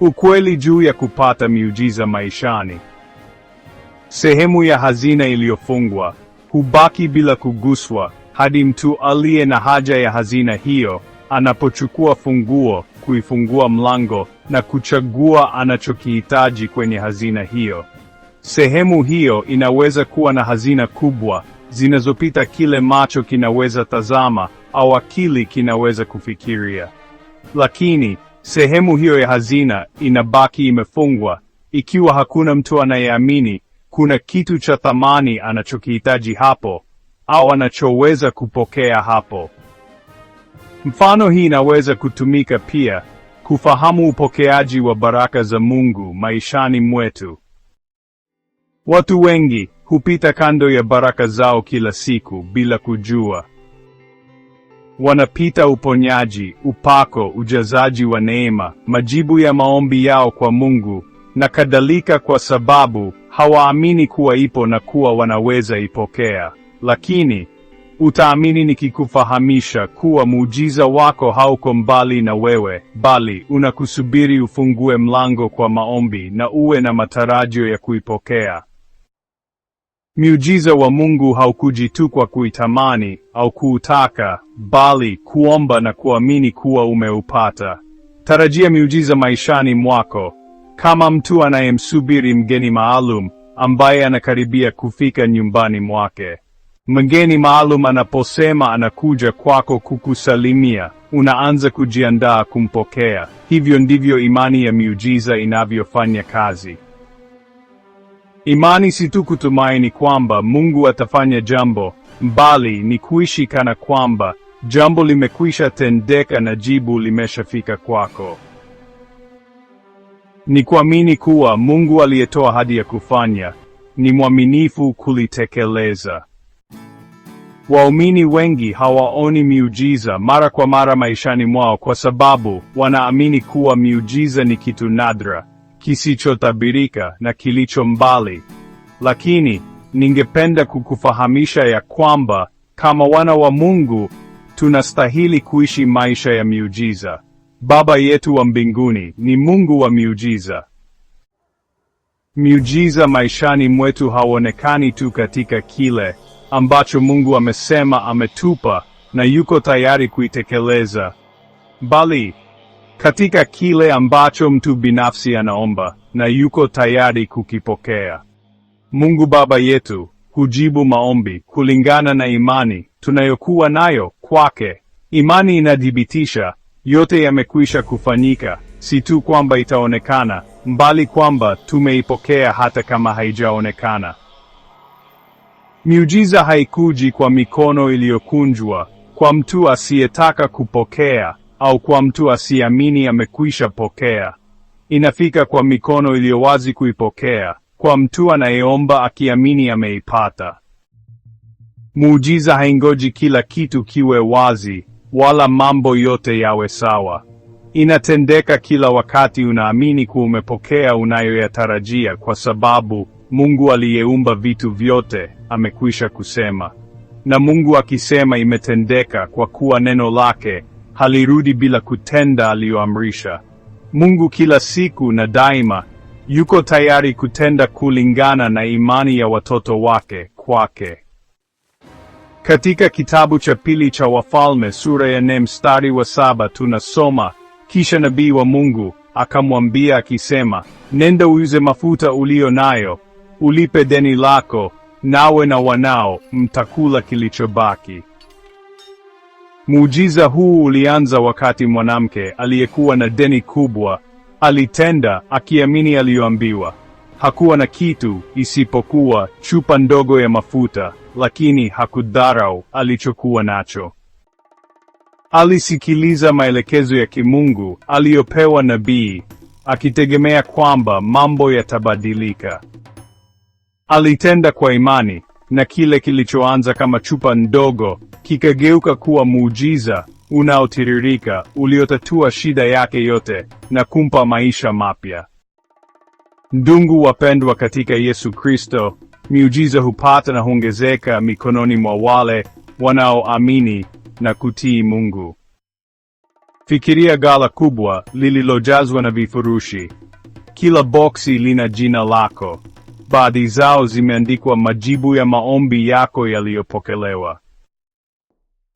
Ukweli juu ya kupata miujiza maishani. Sehemu ya hazina iliyofungwa hubaki bila kuguswa hadi mtu aliye na haja ya hazina hiyo anapochukua funguo, kuifungua mlango na kuchagua anachokihitaji kwenye hazina hiyo. Sehemu hiyo inaweza kuwa na hazina kubwa zinazopita kile macho kinaweza tazama au akili kinaweza kufikiria. Lakini Sehemu hiyo ya hazina inabaki imefungwa, ikiwa hakuna mtu anayeamini kuna kitu cha thamani anachokihitaji hapo au anachoweza kupokea hapo. Mfano hii inaweza kutumika pia kufahamu upokeaji wa baraka za Mungu maishani mwetu. Watu wengi hupita kando ya baraka zao kila siku bila kujua. Wanapita uponyaji, upako, ujazaji wa neema, majibu ya maombi yao kwa Mungu na kadhalika, kwa sababu hawaamini kuwa ipo na kuwa wanaweza ipokea. Lakini utaamini nikikufahamisha kuwa muujiza wako hauko mbali na wewe, bali unakusubiri ufungue mlango kwa maombi na uwe na matarajio ya kuipokea. Miujiza wa Mungu haukuji tu kwa kuitamani au kuutaka, bali kuomba na kuamini kuwa umeupata. Tarajia miujiza maishani mwako, kama mtu anayemsubiri mgeni maalum ambaye anakaribia kufika nyumbani mwake. Mgeni maalum anaposema anakuja kwako kukusalimia, unaanza kujiandaa kumpokea. Hivyo ndivyo imani ya miujiza inavyofanya kazi. Imani si tu kutumaini kwamba Mungu atafanya jambo, bali ni kuishi kana kwamba jambo limekwisha tendeka na jibu limeshafika kwako. Ni kuamini kuwa Mungu aliyetoa ahadi ya kufanya ni mwaminifu kulitekeleza. Waumini wengi hawaoni miujiza mara kwa mara maishani mwao kwa sababu wanaamini kuwa miujiza ni kitu nadra kisichotabirika na kilicho mbali. Lakini ningependa kukufahamisha ya kwamba kama wana wa Mungu tunastahili kuishi maisha ya miujiza. Baba yetu wa mbinguni ni Mungu wa miujiza. Miujiza maishani mwetu hauonekani tu katika kile ambacho Mungu amesema ametupa na yuko tayari kuitekeleza, bali katika kile ambacho mtu binafsi anaomba na yuko tayari kukipokea. Mungu Baba yetu hujibu maombi kulingana na imani tunayokuwa nayo kwake. Imani inathibitisha yote yamekwisha kufanyika, si tu kwamba itaonekana, mbali kwamba tumeipokea hata kama haijaonekana. Miujiza haikuji kwa mikono iliyokunjwa, kwa mtu asiyetaka kupokea au kwa mtu asiamini amekwisha pokea. Inafika kwa mikono iliyowazi kuipokea, kwa mtu anayeomba akiamini ameipata. Muujiza haingoji kila kitu kiwe wazi wala mambo yote yawe sawa. Inatendeka kila wakati unaamini kuwa umepokea unayoyatarajia, kwa sababu Mungu aliyeumba vitu vyote amekwisha kusema. Na Mungu akisema imetendeka, kwa kuwa neno lake halirudi bila kutenda aliyoamrisha. Mungu kila siku na daima yuko tayari kutenda kulingana na imani ya watoto wake kwake. Katika kitabu cha pili cha Wafalme sura ya nne mstari wa saba tunasoma kisha nabii wa Mungu akamwambia akisema, nenda uuze mafuta uliyo nayo, ulipe deni lako, nawe na wanao mtakula kilichobaki. Muujiza huu ulianza wakati mwanamke aliyekuwa na deni kubwa alitenda akiamini aliyoambiwa. Hakuwa na kitu isipokuwa chupa ndogo ya mafuta, lakini hakudharau alichokuwa nacho. Alisikiliza maelekezo ya kimungu aliyopewa nabii, akitegemea kwamba mambo yatabadilika. Alitenda kwa imani, na kile kilichoanza kama chupa ndogo kikageuka kuwa muujiza unaotiririka uliotatua shida yake yote na kumpa maisha mapya. Ndugu wapendwa katika Yesu Kristo, miujiza hupata na huongezeka mikononi mwa wale wanaoamini na kutii Mungu. Fikiria gala kubwa lililojazwa na vifurushi. Kila boksi lina jina lako baadhi zao zimeandikwa majibu ya maombi yako yaliyopokelewa.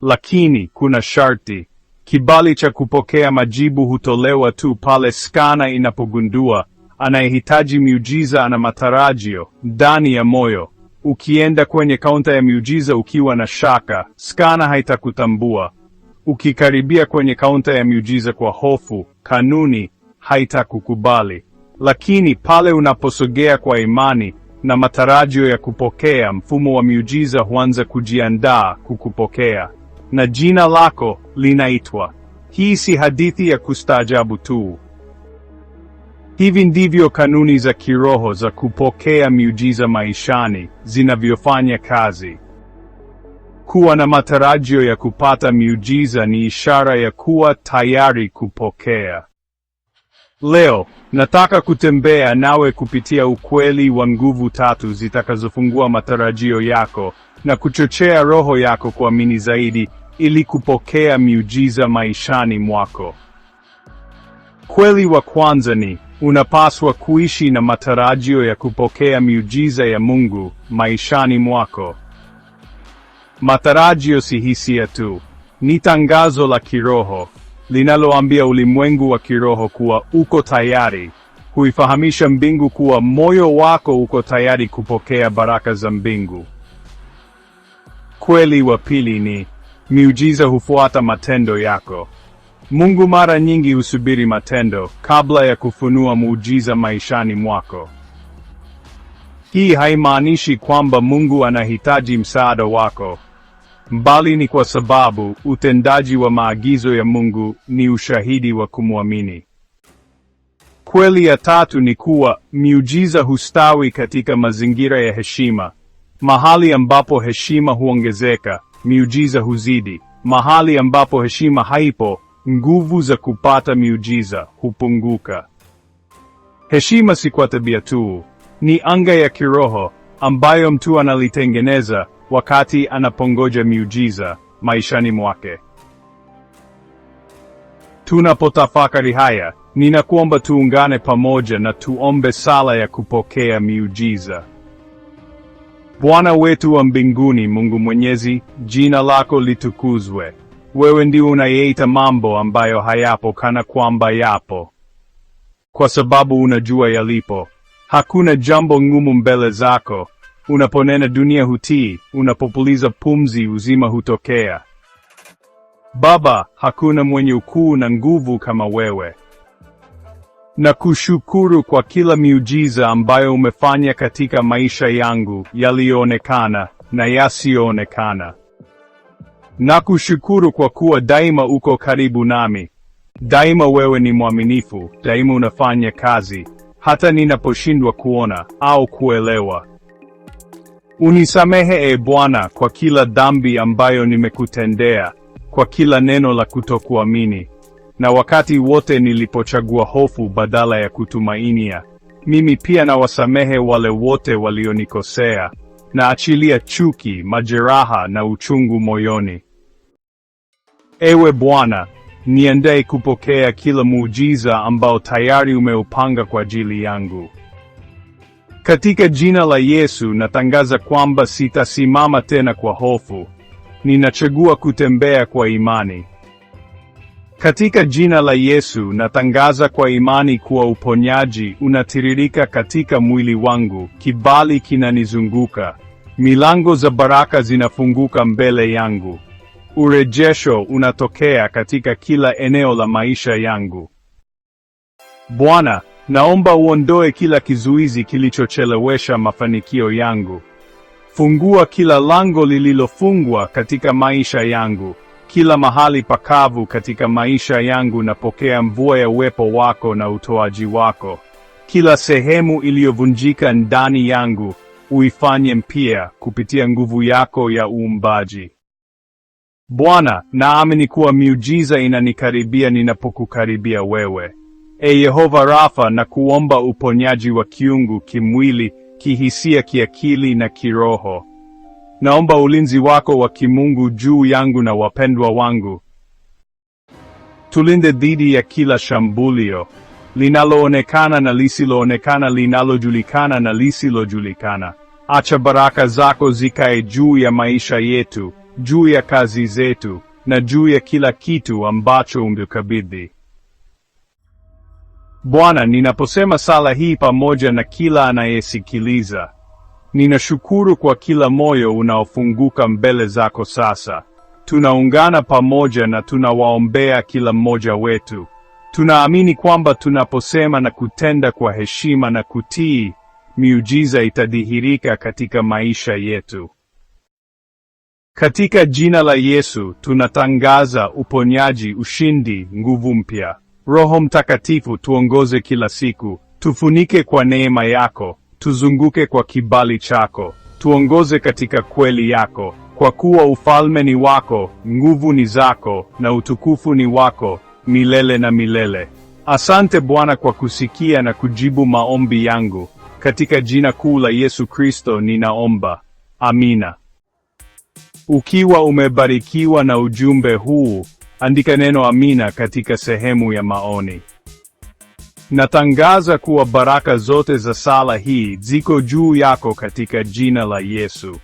Lakini kuna sharti. Kibali cha kupokea majibu hutolewa tu pale skana inapogundua anayehitaji miujiza ana matarajio ndani ya moyo. Ukienda kwenye kaunta ya miujiza ukiwa na shaka, skana haitakutambua. Ukikaribia kwenye kaunta ya miujiza kwa hofu, kanuni haitakukubali. Lakini pale unaposogea kwa imani na matarajio ya kupokea, mfumo wa miujiza huanza kujiandaa kukupokea na jina lako linaitwa. Hii si hadithi ya kustaajabu tu. Hivi ndivyo kanuni za kiroho za kupokea miujiza maishani zinavyofanya kazi. Kuwa na matarajio ya kupata miujiza ni ishara ya kuwa tayari kupokea. Leo nataka kutembea nawe kupitia ukweli wa nguvu tatu zitakazofungua matarajio yako na kuchochea roho yako kuamini zaidi ili kupokea miujiza maishani mwako. Kweli wa kwanza ni unapaswa kuishi na matarajio ya kupokea miujiza ya Mungu maishani mwako. Matarajio si hisia tu, ni tangazo la kiroho linaloambia ulimwengu wa kiroho kuwa uko tayari, huifahamisha mbingu kuwa moyo wako uko tayari kupokea baraka za mbingu. Kweli wa pili ni miujiza hufuata matendo yako. Mungu mara nyingi husubiri matendo kabla ya kufunua muujiza maishani mwako. Hii haimaanishi kwamba Mungu anahitaji msaada wako, bali ni kwa sababu utendaji wa maagizo ya Mungu ni ushahidi wa kumwamini. Kweli ya tatu ni kuwa miujiza hustawi katika mazingira ya heshima. Mahali ambapo heshima huongezeka, miujiza huzidi. Mahali ambapo heshima haipo, nguvu za kupata miujiza hupunguka. Heshima si kwa tabia tu, ni anga ya kiroho ambayo mtu analitengeneza wakati anapongoja miujiza maishani mwake. Tunapotafakari haya, ninakuomba tuungane pamoja na tuombe sala ya kupokea miujiza. Bwana wetu wa mbinguni, Mungu Mwenyezi, jina lako litukuzwe. Wewe ndiwe unayeita mambo ambayo hayapo kana kwamba yapo, kwa sababu unajua yalipo. Hakuna jambo ngumu mbele zako. Unaponena dunia hutii, unapopuliza pumzi uzima hutokea. Baba, hakuna mwenye ukuu na nguvu kama wewe. Na kushukuru kwa kila miujiza ambayo umefanya katika maisha yangu yaliyoonekana na yasiyoonekana. Na kushukuru kwa kuwa daima uko karibu nami. Daima wewe ni mwaminifu, daima unafanya kazi hata ninaposhindwa kuona au kuelewa. Unisamehe e Bwana kwa kila dhambi ambayo nimekutendea, kwa kila neno la kutokuamini, na wakati wote nilipochagua hofu badala ya kutumainia. Mimi pia nawasamehe wale wote walionikosea, na achilia chuki, majeraha na uchungu moyoni. Ewe Bwana, niendee kupokea kila muujiza ambao tayari umeupanga kwa ajili yangu. Katika jina la Yesu natangaza kwamba sitasimama tena kwa hofu. Ninachagua kutembea kwa imani. Katika jina la Yesu natangaza kwa imani kuwa uponyaji unatiririka katika mwili wangu, kibali kinanizunguka, milango za baraka zinafunguka mbele yangu. Urejesho unatokea katika kila eneo la maisha yangu. Bwana, Naomba uondoe kila kizuizi kilichochelewesha mafanikio yangu. Fungua kila lango lililofungwa katika maisha yangu. Kila mahali pakavu katika maisha yangu napokea mvua ya uwepo wako na utoaji wako. Kila sehemu iliyovunjika ndani yangu uifanye mpya kupitia nguvu yako ya uumbaji. Bwana, naamini kuwa miujiza inanikaribia ninapokukaribia wewe e Yehova Rafa, na kuomba uponyaji wa kiungu, kimwili, kihisia, kiakili na kiroho. Naomba ulinzi wako wa kimungu juu yangu na wapendwa wangu. Tulinde dhidi ya kila shambulio linaloonekana na lisiloonekana, linalojulikana na lisilojulikana. Acha baraka zako zikae juu ya maisha yetu, juu ya kazi zetu na juu ya kila kitu ambacho ungekabidhi. Bwana, ninaposema sala hii pamoja na kila anayesikiliza, ninashukuru kwa kila moyo unaofunguka mbele zako sasa. Tunaungana pamoja na tunawaombea kila mmoja wetu. Tunaamini kwamba tunaposema na kutenda kwa heshima na kutii, miujiza itadhihirika katika maisha yetu. Katika jina la Yesu tunatangaza uponyaji, ushindi, nguvu mpya. Roho Mtakatifu, tuongoze kila siku, tufunike kwa neema yako, tuzunguke kwa kibali chako, tuongoze katika kweli yako, kwa kuwa ufalme ni wako, nguvu ni zako, na utukufu ni wako milele na milele. Asante Bwana kwa kusikia na kujibu maombi yangu. Katika jina kuu la Yesu Kristo ninaomba. Amina. Ukiwa umebarikiwa na ujumbe huu, andika neno amina katika sehemu ya maoni. Natangaza kuwa baraka zote za sala hii ziko juu yako katika jina la Yesu.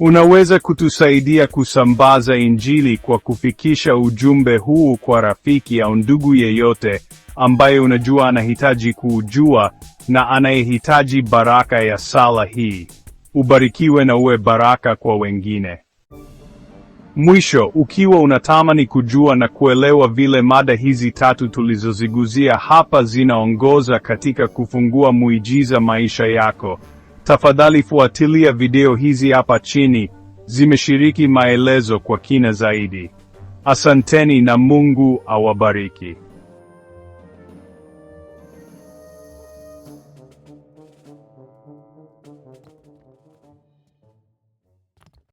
Unaweza kutusaidia kusambaza Injili kwa kufikisha ujumbe huu kwa rafiki au ndugu yeyote ambaye unajua anahitaji kuujua na anayehitaji baraka ya sala hii. Ubarikiwe na uwe baraka kwa wengine. Mwisho, ukiwa unatamani kujua na kuelewa vile mada hizi tatu tulizoziguzia hapa zinaongoza katika kufungua muujiza maisha yako, tafadhali fuatilia video hizi hapa chini, zimeshiriki maelezo kwa kina zaidi. Asanteni na Mungu awabariki.